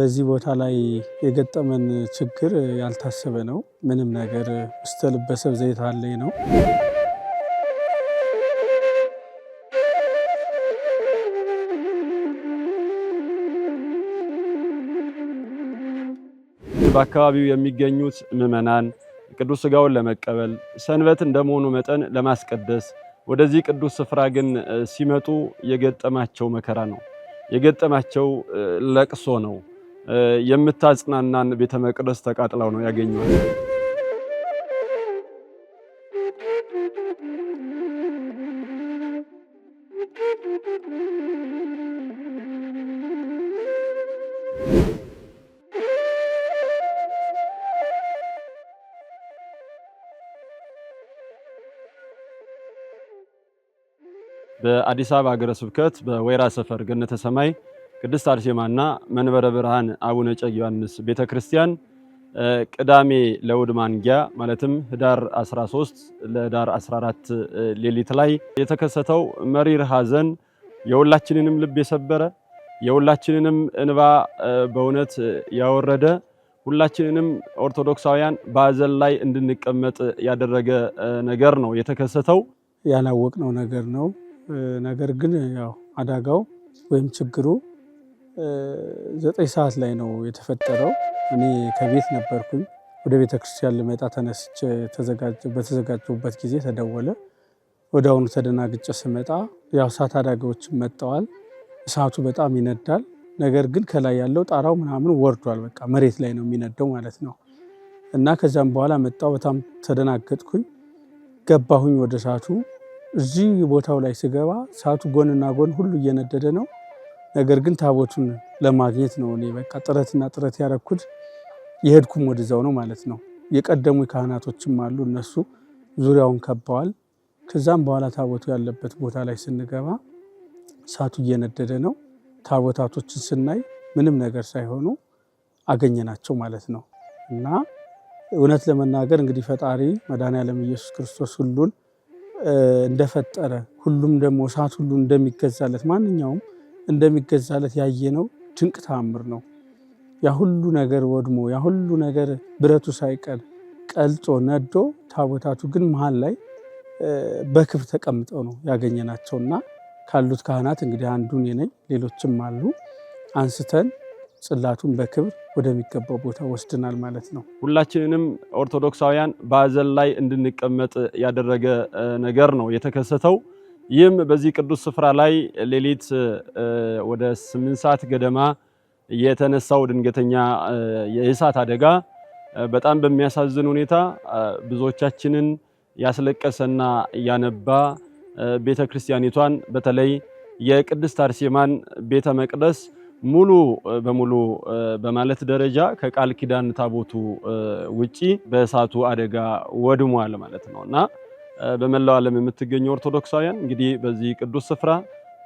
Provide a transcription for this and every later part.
በዚህ ቦታ ላይ የገጠመን ችግር ያልታሰበ ነው። ምንም ነገር ውስተ ልበሰብ ዘይት አለኝ ነው። በአካባቢው የሚገኙት ምዕመናን ቅዱስ ሥጋውን ለመቀበል ሰንበት እንደመሆኑ መጠን ለማስቀደስ ወደዚህ ቅዱስ ስፍራ ግን ሲመጡ የገጠማቸው መከራ ነው፣ የገጠማቸው ለቅሶ ነው። የምታጽናናን ቤተ መቅደስ ተቃጥለው ነው ያገኘዋል። በአዲስ አበባ ሀገረ ስብከት በወይራ ሰፈር ገነተ ሰማይ ቅድስት አርሴማና መንበረ ብርሃን አቡነ እጨጌ ዮሐንስ ቤተ ክርስቲያን ቅዳሜ ለእሑድ ማንጊያ ማለትም ህዳር 13 ለህዳር 14 ሌሊት ላይ የተከሰተው መሪር ሐዘን የሁላችንንም ልብ የሰበረ የሁላችንንም እንባ በእውነት ያወረደ ሁላችንንም ኦርቶዶክሳውያን በሐዘን ላይ እንድንቀመጥ ያደረገ ነገር ነው የተከሰተው። ያላወቅነው ነገር ነው። ነገር ግን ያው አደጋው ወይም ችግሩ ዘጠኝ ሰዓት ላይ ነው የተፈጠረው። እኔ ከቤት ነበርኩኝ። ወደ ቤተ ክርስቲያን ልመጣ ተነስቼ በተዘጋጀሁበት ጊዜ ተደወለ። ወደ አሁኑ ተደናግጬ ስመጣ ያው እሳት አዳጊዎችም መጥተዋል። እሳቱ በጣም ይነዳል። ነገር ግን ከላይ ያለው ጣራው ምናምን ወርዷል። በቃ መሬት ላይ ነው የሚነደው ማለት ነው። እና ከዚያም በኋላ መጣው። በጣም ተደናገጥኩኝ። ገባሁኝ ወደ እሳቱ። እዚህ ቦታው ላይ ስገባ እሳቱ ጎንና ጎን ሁሉ እየነደደ ነው። ነገር ግን ታቦቱን ለማግኘት ነው እኔ በቃ ጥረትና ጥረት ያረኩት። የሄድኩም ወደዛው ነው ማለት ነው። የቀደሙ ካህናቶችም አሉ፣ እነሱ ዙሪያውን ከበዋል። ከዛም በኋላ ታቦቱ ያለበት ቦታ ላይ ስንገባ እሳቱ እየነደደ ነው። ታቦታቶችን ስናይ ምንም ነገር ሳይሆኑ አገኘናቸው ማለት ነው እና እውነት ለመናገር እንግዲህ ፈጣሪ መድኃኔዓለም ኢየሱስ ክርስቶስ ሁሉን እንደፈጠረ ሁሉም ደግሞ እሳት ሁሉ እንደሚገዛለት ማንኛውም እንደሚገዛለት ያየ ነው። ድንቅ ተአምር ነው። ያ ሁሉ ነገር ወድሞ ያ ሁሉ ነገር ብረቱ ሳይቀር ቀልጦ ነዶ፣ ታቦታቱ ግን መሀል ላይ በክብ ተቀምጠው ነው ያገኘናቸውና ካሉት ካህናት እንግዲህ አንዱ እኔ ነኝ፣ ሌሎችም አሉ። አንስተን ጽላቱን በክብር ወደሚገባው ቦታ ወስድናል ማለት ነው። ሁላችንንም ኦርቶዶክሳውያን በሐዘን ላይ እንድንቀመጥ ያደረገ ነገር ነው የተከሰተው። ይህም በዚህ ቅዱስ ስፍራ ላይ ሌሊት ወደ ስምንት ሰዓት ገደማ የተነሳው ድንገተኛ የእሳት አደጋ በጣም በሚያሳዝን ሁኔታ ብዙዎቻችንን ያስለቀሰና ያነባ ቤተ ክርስቲያኒቷን በተለይ የቅድስት አርሴማን ቤተ መቅደስ ሙሉ በሙሉ በማለት ደረጃ ከቃል ኪዳን ታቦቱ ውጪ በእሳቱ አደጋ ወድሟል ማለት ነው እና በመላው ዓለም የምትገኙ ኦርቶዶክሳውያን እንግዲህ በዚህ ቅዱስ ስፍራ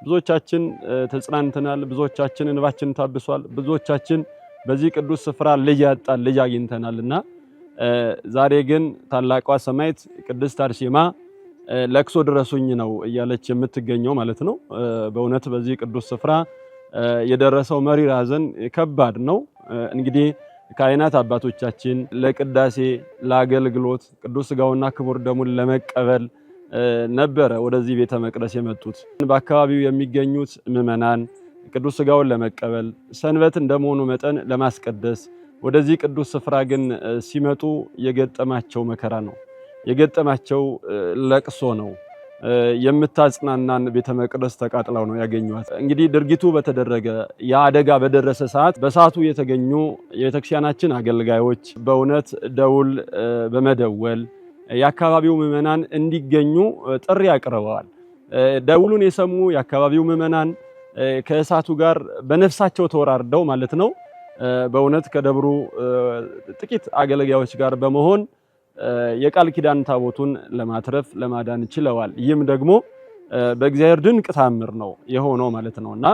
ብዙዎቻችን ተጽናንተናል። ብዙዎቻችን እንባችን ታብሷል። ብዙዎቻችን በዚህ ቅዱስ ስፍራ ልጅ ያጣን ልጅ አግኝተናል እና ዛሬ ግን ታላቋ ሰማዕት ቅድስት አርሴማ ለቅሶ ድረሱኝ ነው እያለች የምትገኘው ማለት ነው። በእውነት በዚህ ቅዱስ ስፍራ የደረሰው መሪር ሐዘን ከባድ ነው እንግዲህ ካህናት አባቶቻችን ለቅዳሴ ለአገልግሎት ቅዱስ ሥጋውና ክቡር ደሙን ለመቀበል ነበረ ወደዚህ ቤተ መቅደስ የመጡት። በአካባቢው የሚገኙት ምዕመናን ቅዱስ ስጋውን ለመቀበል ሰንበት እንደመሆኑ መጠን ለማስቀደስ ወደዚህ ቅዱስ ስፍራ ግን ሲመጡ የገጠማቸው መከራ ነው፣ የገጠማቸው ለቅሶ ነው። የምታጽናናን ቤተ መቅደስ ተቃጥለው ነው ያገኟት። እንግዲህ ድርጊቱ በተደረገ የአደጋ በደረሰ ሰዓት በሰዓቱ የተገኙ የቤተክርስቲያናችን አገልጋዮች በእውነት ደውል በመደወል የአካባቢው ምዕመናን እንዲገኙ ጥሪ አቅርበዋል። ደውሉን የሰሙ የአካባቢው ምዕመናን ከእሳቱ ጋር በነፍሳቸው ተወራርደው ማለት ነው በእውነት ከደብሩ ጥቂት አገልጋዮች ጋር በመሆን የቃል ኪዳን ታቦቱን ለማትረፍ ለማዳን ችለዋል። ይህም ደግሞ በእግዚአብሔር ድንቅ ታምር ነው የሆነው ማለት ነውና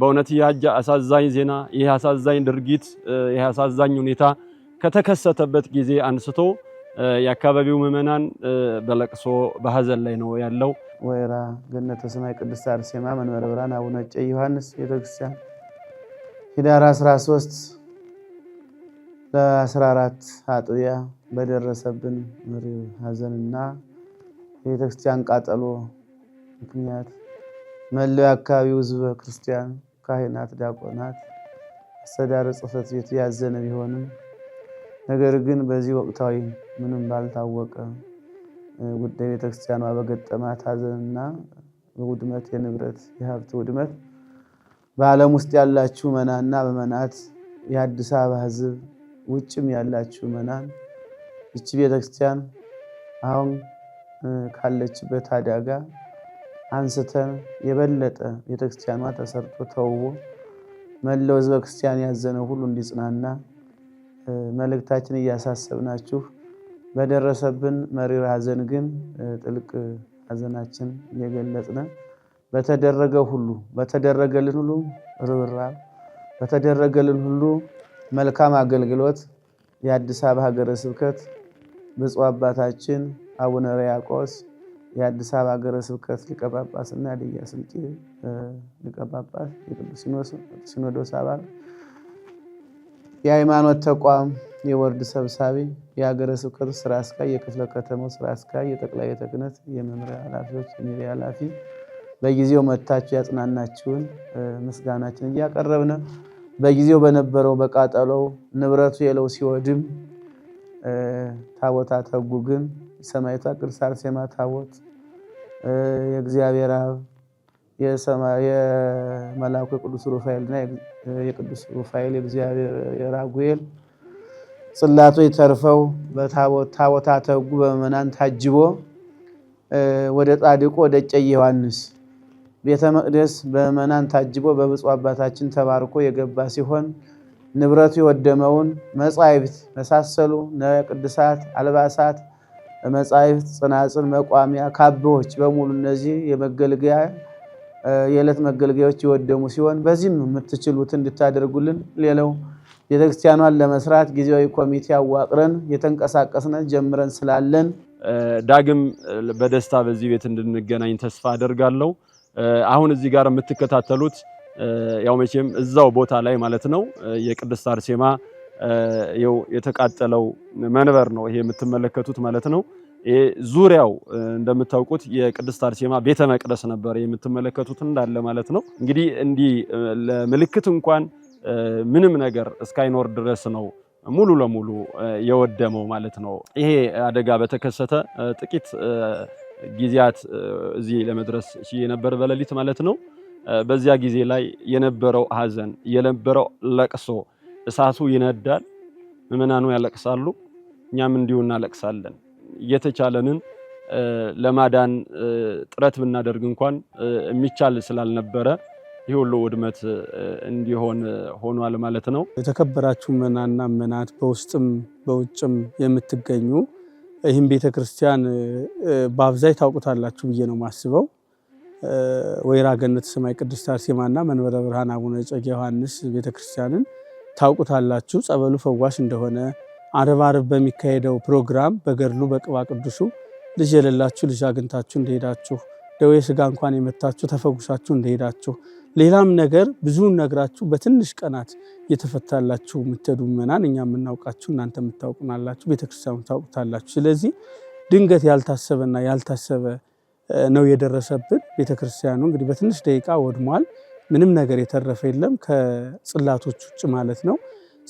በእውነት ይህ አሳዛኝ ዜና፣ ይህ አሳዛኝ ድርጊት፣ ይህ አሳዛኝ ሁኔታ ከተከሰተበት ጊዜ አንስቶ የአካባቢው ምዕመናን በለቅሶ በሀዘን ላይ ነው ያለው። ወይራ ገነተ ሰማይ ቅድስት አርሴማ መንበረ ብርሃን አቡነ ዮሐንስ ቤተክርስቲያን ህዳር 13 ለአስራ አራት አጥቢያ በደረሰብን ምሪ ሐዘንና የቤተክርስቲያን ቃጠሎ ምክንያት መላው አካባቢው ህዝበ ክርስቲያን፣ ካህናት፣ ዲያቆናት፣ አስተዳደር ጽሕፈት ቤት ያዘነ ቢሆንም ነገር ግን በዚህ ወቅታዊ ምንም ባልታወቀ ጉዳይ ቤተክርስቲያኗ በገጠማት ሀዘንና ውድመት የንብረት የሀብት ውድመት በዓለም ውስጥ ያላችሁ መናና በመናት የአዲስ አበባ ህዝብ። ውጭም ያላችሁ መናን ይቺ ቤተክርስቲያን አሁን ካለችበት አደጋ አንስተን የበለጠ ቤተክርስቲያኗ ተሰርቶ ተውቦ መለው ህዝበ ክርስቲያን ያዘነው ሁሉ እንዲጽናና መልእክታችን እያሳሰብናችሁ በደረሰብን መሪር ሐዘን ግን ጥልቅ ሐዘናችን እየገለጽነ በተደረገ ሁሉ በተደረገልን ሁሉ ርብራብ በተደረገልን ሁሉ መልካም አገልግሎት የአዲስ አበባ ሀገረ ስብከት ብፁዕ አባታችን አቡነ ሪያቆስ የአዲስ አበባ ሀገረ ስብከት ሊቀ እና ስልጤ ሊቀ የቅዱስ ሲኖዶስ አባል የሃይማኖት ተቋም የወርድ ሰብሳቢ የሀገረ ስብከቱ ስራ አስኪያጅ የክፍለ ከተማው ስራ አስኪያጅ የጠቅላይ ቤተ ክህነት የመምሪያ ኃላፊዎች የሚሪያ ኃላፊ በጊዜው መታችሁ ያጽናናችሁን ምስጋናችን እያቀረብን በጊዜው በነበረው በቃጠሎው ንብረቱ የለው ሲወድም ታቦታ ተጉ ግን ሰማይቷ ቅድስት አርሴማ ታቦት የእግዚአብሔር አብ የመላኩ የቅዱስ ሩፋኤልና የቅዱስ ሩፋኤል የእግዚአብሔር የራጉኤል ጽላቶ ይተርፈው ታቦታ ተጉ በመናን ታጅቦ ወደ ጻድቁ ወደ እጨ ዮሐንስ ቤተ መቅደስ በምዕመናን ታጅቦ በብፁዕ አባታችን ተባርኮ የገባ ሲሆን ንብረቱ የወደመውን መጻሕፍት መሳሰሉ ቅዱሳት አልባሳት፣ መጻሕፍት፣ ጽናጽን፣ መቋሚያ፣ ካባዎች በሙሉ እነዚህ የመገልገያ የዕለት መገልገያዎች የወደሙ ሲሆን በዚህም የምትችሉት እንድታደርጉልን ሌላው ቤተክርስቲያኗን ለመስራት ጊዜያዊ ኮሚቴ አዋቅረን የተንቀሳቀስነ ጀምረን ስላለን ዳግም በደስታ በዚህ ቤት እንድንገናኝ ተስፋ አደርጋለሁ። አሁን እዚህ ጋር የምትከታተሉት ያው መቼም እዛው ቦታ ላይ ማለት ነው የቅድስት አርሴማ ያው የተቃጠለው መንበር ነው ይሄ የምትመለከቱት ማለት ነው። ይሄ ዙሪያው እንደምታውቁት የቅድስት አርሴማ ቤተ መቅደስ ነበር የምትመለከቱት እንዳለ ማለት ነው። እንግዲህ እንዲህ ለምልክት እንኳን ምንም ነገር እስካይኖር ድረስ ነው ሙሉ ለሙሉ የወደመው ማለት ነው። ይሄ አደጋ በተከሰተ ጥቂት ጊዜያት እዚህ ለመድረስ ችዬ ነበር፣ በሌሊት ማለት ነው። በዚያ ጊዜ ላይ የነበረው ሀዘን የነበረው ለቅሶ፣ እሳቱ ይነዳል፣ ምዕመናኑ ያለቅሳሉ፣ እኛም እንዲሁ እናለቅሳለን። እየተቻለንን ለማዳን ጥረት ብናደርግ እንኳን የሚቻል ስላልነበረ ይህ ሁሉ ውድመት እንዲሆን ሆኗል ማለት ነው። የተከበራችሁ ምዕመናንና ምዕመናት በውስጥም በውጭም የምትገኙ ይህም ቤተ ክርስቲያን በአብዛኝ ታውቁታላችሁ ብዬ ነው የማስበው። ወይራ ገነት ሰማይ ቅድስት አርሴማና መንበረ ብርሃን አቡነ ጨጌ ዮሐንስ ቤተ ክርስቲያንን ታውቁታላችሁ። ጸበሉ ፈዋሽ እንደሆነ አርብ አርብ በሚካሄደው ፕሮግራም በገድሉ በቅባ ቅዱሱ ልጅ የሌላችሁ ልጅ አግኝታችሁ እንደሄዳችሁ ደዌ ስጋ እንኳን የመታችሁ ተፈጉሳችሁ እንደሄዳችሁ ሌላም ነገር ብዙ ነግራችሁ በትንሽ ቀናት እየተፈታላችሁ የምትሄዱ ምእመናን እኛ የምናውቃችሁ እናንተ የምታውቁናላችሁ፣ ቤተክርስቲያኑ ታውቁታላችሁ። ስለዚህ ድንገት ያልታሰበና ያልታሰበ ነው የደረሰብን። ቤተክርስቲያኑ እንግዲህ በትንሽ ደቂቃ ወድሟል። ምንም ነገር የተረፈ የለም ከጽላቶች ውጭ ማለት ነው።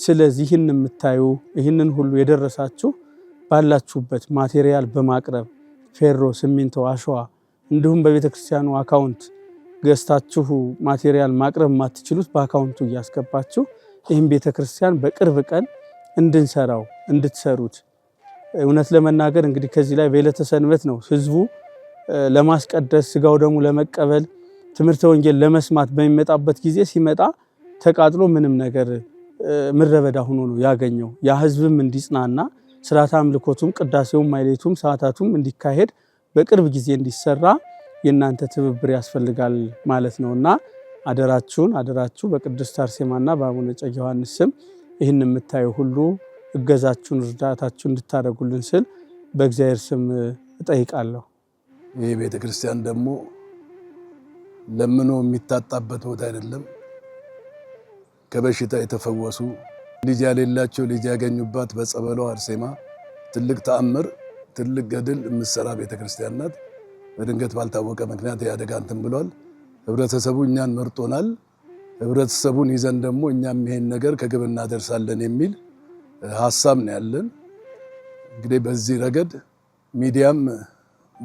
ስለዚህ ይህን የምታዩ ይህንን ሁሉ የደረሳችሁ ባላችሁበት ማቴሪያል በማቅረብ ፌሮ፣ ሲሚንቶ፣ አሸዋ እንዲሁም በቤተ ክርስቲያኑ አካውንት ገዝታችሁ ማቴሪያል ማቅረብ የማትችሉት በአካውንቱ እያስገባችሁ ይህም ቤተ ክርስቲያን በቅርብ ቀን እንድንሰራው እንድትሰሩት። እውነት ለመናገር እንግዲህ ከዚህ ላይ በዕለተ ሰንበት ነው ህዝቡ ለማስቀደስ ስጋው ደግሞ ለመቀበል ትምህርተ ወንጌል ለመስማት በሚመጣበት ጊዜ ሲመጣ ተቃጥሎ ምንም ነገር ምረበዳ ሆኖ ነው ያገኘው። ያ ህዝብም እንዲጽናና ስርዓተ አምልኮቱም ቅዳሴውም ማይሌቱም ሰዓታቱም እንዲካሄድ በቅርብ ጊዜ እንዲሰራ የእናንተ ትብብር ያስፈልጋል ማለት ነው እና አደራችሁን አደራችሁ በቅድስት አርሴማና በአቡነ እጨጌ ዮሐንስ ስም ይህን የምታዩ ሁሉ እገዛችሁን እርዳታችሁን እንድታደርጉልን ስል በእግዚአብሔር ስም እጠይቃለሁ። ይህ ቤተ ክርስቲያን ደግሞ ለምኖ የሚታጣበት ቦታ አይደለም። ከበሽታ የተፈወሱ ልጅ ያሌላቸው ልጅ ያገኙባት በጸበሏ አርሴማ ትልቅ ተአምር ትልቅ ገድል የምትሰራ ቤተክርስቲያን ናት። በድንገት ባልታወቀ ምክንያት የአደጋ እንትን ብሏል። ህብረተሰቡ እኛን መርጦናል። ህብረተሰቡን ይዘን ደግሞ እኛም ይሄን ነገር ከግብ እናደርሳለን የሚል ሀሳብ ነው ያለን። እንግዲህ በዚህ ረገድ ሚዲያም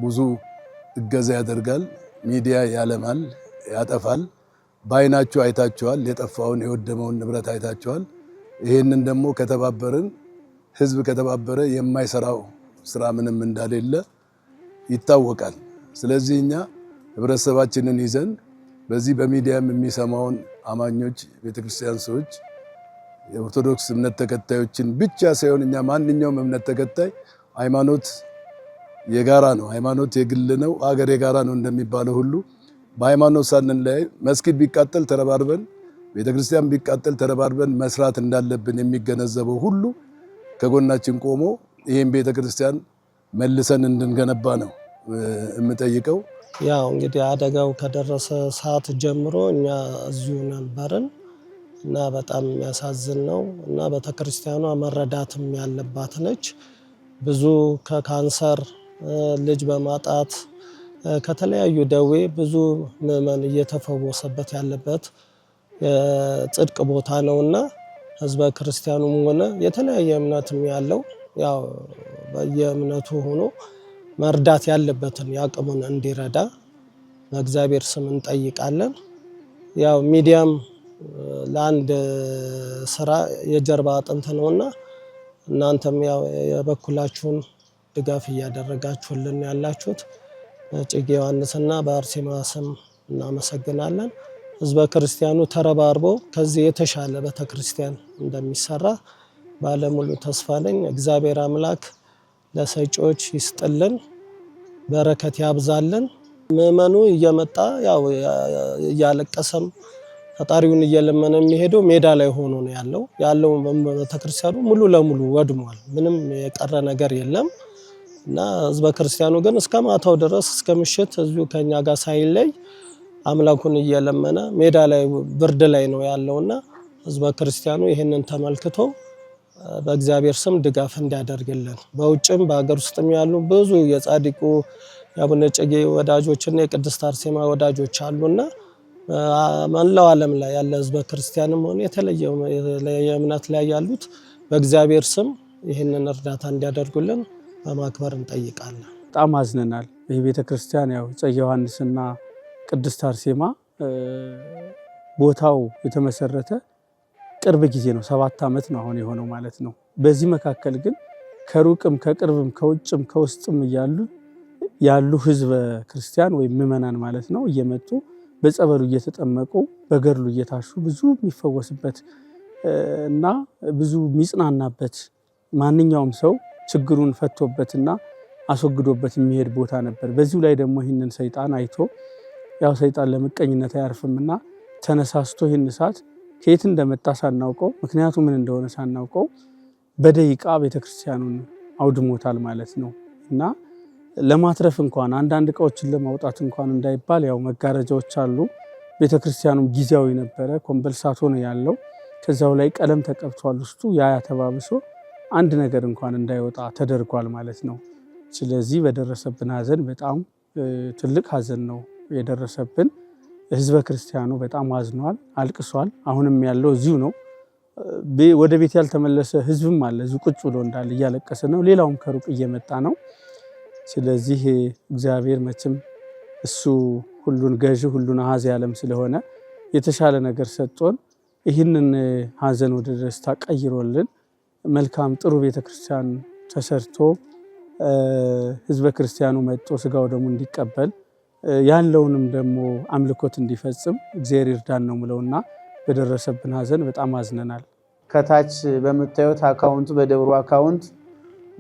ብዙ እገዛ ያደርጋል። ሚዲያ ያለማል፣ ያጠፋል። በአይናችሁ አይታችኋል። የጠፋውን የወደመውን ንብረት አይታችኋል። ይህንን ደግሞ ከተባበርን ህዝብ ከተባበረ የማይሰራው ስራ ምንም እንዳሌለ ይታወቃል። ስለዚህ እኛ ህብረተሰባችንን ይዘን በዚህ በሚዲያም የሚሰማውን አማኞች፣ ቤተክርስቲያን ሰዎች፣ የኦርቶዶክስ እምነት ተከታዮችን ብቻ ሳይሆን እኛ ማንኛውም እምነት ተከታይ ሃይማኖት የጋራ ነው፣ ሃይማኖት የግል ነው፣ አገር የጋራ ነው እንደሚባለው ሁሉ በሃይማኖት ሳንን ላይ መስጊድ ቢቃጠል ተረባርበን፣ ቤተክርስቲያን ቢቃጠል ተረባርበን መስራት እንዳለብን የሚገነዘበው ሁሉ ከጎናችን ቆሞ ይህም ቤተ ክርስቲያን መልሰን እንድንገነባ ነው የምጠይቀው። ያው እንግዲህ አደጋው ከደረሰ ሰዓት ጀምሮ እኛ እዚሁ ነበርን እና በጣም የሚያሳዝን ነው እና ቤተክርስቲያኗ መረዳትም ያለባት ነች። ብዙ ከካንሰር ልጅ በማጣት ከተለያዩ ደዌ ብዙ ምዕመን እየተፈወሰበት ያለበት የጽድቅ ቦታ እና ህዝበ ክርስቲያኑም ሆነ የተለያየ እምነትም ያለው ያው በየእምነቱ ሆኖ መርዳት ያለበትን የአቅሙን እንዲረዳ በእግዚአብሔር ስም እንጠይቃለን። ያው ሚዲያም ለአንድ ስራ የጀርባ አጥንት ነውና እናንተም ያው የበኩላችሁን ድጋፍ እያደረጋችሁልን ያላችሁት በእጨጌ ዮሐንስና በአርሴማ ስም እናመሰግናለን። ህዝበ ክርስቲያኑ ተረባርቦ ከዚህ የተሻለ ቤተክርስቲያን እንደሚሰራ ባለሙሉ ተስፋ ነኝ። እግዚአብሔር አምላክ ለሰጪዎች ይስጥልን፣ በረከት ያብዛልን። ምዕመኑ እየመጣ ያው እያለቀሰም ፈጣሪውን እየለመነ የሚሄደው ሜዳ ላይ ሆኖ ነው ያለው። ያለው ቤተክርስቲያኑ ሙሉ ለሙሉ ወድሟል። ምንም የቀረ ነገር የለም እና ህዝበ ክርስቲያኑ ግን እስከ ማታው ድረስ እስከ ምሽት እዚሁ ከኛ ጋር ሳይለይ አምላኩን እየለመነ ሜዳ ላይ ብርድ ላይ ነው ያለውእና ህዝበ ክርስቲያኑ ይህንን ተመልክቶ በእግዚአብሔር ስም ድጋፍ እንዲያደርግልን በውጭም በሀገር ውስጥም ያሉ ብዙ የጻድቁ የአቡነ ወዳጆች ወዳጆችና የቅድስት አርሴማ ወዳጆች አሉና መላው ዓለም ላይ ያለ ህዝበ ክርስቲያንም ሆነ የተለየ እምነት ላይ ያሉት በእግዚአብሔር ስም ይህንን እርዳታ እንዲያደርጉልን በማክበር እንጠይቃለን። በጣም አዝነናል። ይህ ቤተ ክርስቲያን ያው እጨጌ ዮሐንስና ቅድስት አርሴማ ቦታው የተመሰረተ ቅርብ ጊዜ ነው፣ ሰባት ዓመት ነው አሁን የሆነው ማለት ነው። በዚህ መካከል ግን ከሩቅም ከቅርብም ከውጭም ከውስጥም እያሉ ያሉ ህዝበ ክርስቲያን ወይም ምዕመናን ማለት ነው እየመጡ በጸበሉ እየተጠመቁ በገድሉ እየታሹ ብዙ የሚፈወስበት እና ብዙ የሚጽናናበት ማንኛውም ሰው ችግሩን ፈቶበትና አስወግዶበት የሚሄድ ቦታ ነበር። በዚሁ ላይ ደግሞ ይህንን ሰይጣን አይቶ ያው ሰይጣን ለምቀኝነት አያርፍምና ተነሳስቶ ይህን እሳት ከየት እንደመጣ ሳናውቀው ምክንያቱ ምን እንደሆነ ሳናውቀው በደቂቃ ቤተክርስቲያኑን አውድሞታል ማለት ነው እና ለማትረፍ እንኳን አንዳንድ እቃዎችን ለማውጣት እንኳን እንዳይባል ያው መጋረጃዎች አሉ። ቤተክርስቲያኑም ጊዜያዊ ነበረ፣ ኮምበልሳቶ ነው ያለው። ከዛው ላይ ቀለም ተቀብቷል ውስጡ። ያ ያተባብሶ አንድ ነገር እንኳን እንዳይወጣ ተደርጓል ማለት ነው። ስለዚህ በደረሰብን ሀዘን በጣም ትልቅ ሀዘን ነው የደረሰብን። ህዝበ ክርስቲያኑ በጣም አዝኗል፣ አልቅሷል። አሁንም ያለው እዚሁ ነው። ወደ ቤት ያልተመለሰ ህዝብም አለ። እዚሁ ቁጭ ብሎ እንዳለ እያለቀሰ ነው። ሌላውም ከሩቅ እየመጣ ነው። ስለዚህ እግዚአብሔር መቼም እሱ ሁሉን ገዥ ሁሉን አሀዝ ያለም ስለሆነ የተሻለ ነገር ሰጥቶን ይህንን ሀዘን ወደ ደስታ ቀይሮልን መልካም ጥሩ ቤተክርስቲያን ተሰርቶ ህዝበ ክርስቲያኑ መጦ ስጋው ደግሞ እንዲቀበል ያለውንም ደግሞ አምልኮት እንዲፈጽም እግዚአብሔር ይርዳን ነው ምለውና በደረሰብን ሀዘን በጣም አዝነናል። ከታች በምታዩት አካውንቱ በደብሩ አካውንት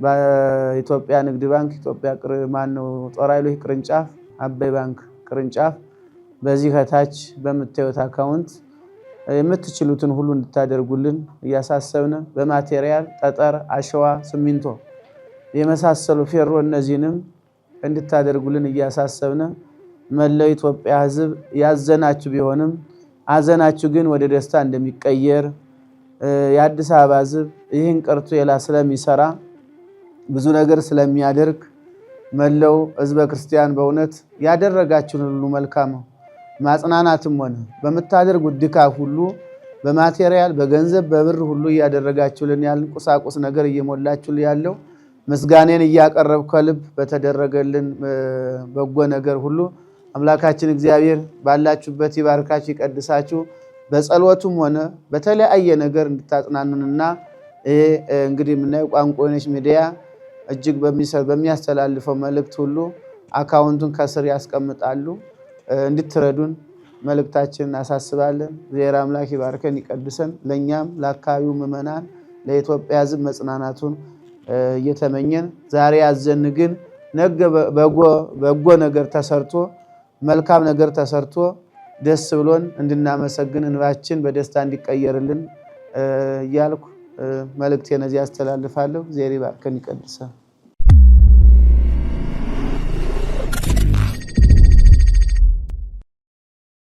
በኢትዮጵያ ንግድ ባንክ ኢትዮጵያ ማን ነው ጦር ኃይሎች ቅርንጫፍ አባይ ባንክ ቅርንጫፍ በዚህ ከታች በምታዩት አካውንት የምትችሉትን ሁሉ እንድታደርጉልን እያሳሰብን በማቴሪያል ጠጠር፣ አሸዋ፣ ሲሚንቶ የመሳሰሉ ፌሮ እነዚህንም እንድታደርጉልን እያሳሰብን መላው ኢትዮጵያ ህዝብ ያዘናችሁ ቢሆንም አዘናችሁ ግን ወደ ደስታ እንደሚቀየር የአዲስ አበባ ህዝብ ይህን ቅርቱ የላ ስለሚሰራ ብዙ ነገር ስለሚያደርግ መለው ህዝበ ክርስቲያን በእውነት ያደረጋችሁን ሁሉ መልካም ማጽናናትም ሆነ በምታደርጉት ድካፍ ሁሉ በማቴሪያል በገንዘብ በብር ሁሉ እያደረጋችሁልን ያልን ቁሳቁስ ነገር እየሞላችሁል ያለው ምስጋኔን እያቀረብ ከልብ በተደረገልን በጎ ነገር ሁሉ አምላካችን እግዚአብሔር ባላችሁበት ይባርካችሁ ይቀድሳችሁ። በጸሎቱም ሆነ በተለያየ ነገር እንድታጽናኑንና ይሄ እንግዲህ የምናየው ቋንቋ የሆነች ሚዲያ እጅግ በሚያስተላልፈው መልእክት ሁሉ አካውንቱን ከስር ያስቀምጣሉ እንድትረዱን መልእክታችን እናሳስባለን። እግዚአብሔር አምላክ ይባርከን ይቀድሰን። ለእኛም ለአካባቢው ምዕመናን ለኢትዮጵያ ሕዝብ መጽናናቱን እየተመኘን ዛሬ ያዘን ግን ነገ በጎ ነገር ተሰርቶ መልካም ነገር ተሰርቶ ደስ ብሎን እንድናመሰግን እንባችን በደስታ እንዲቀየርልን እያልኩ መልእክቴን እዚህ ያስተላልፋለሁ። ዜሪ ባርከን ይቀድሰ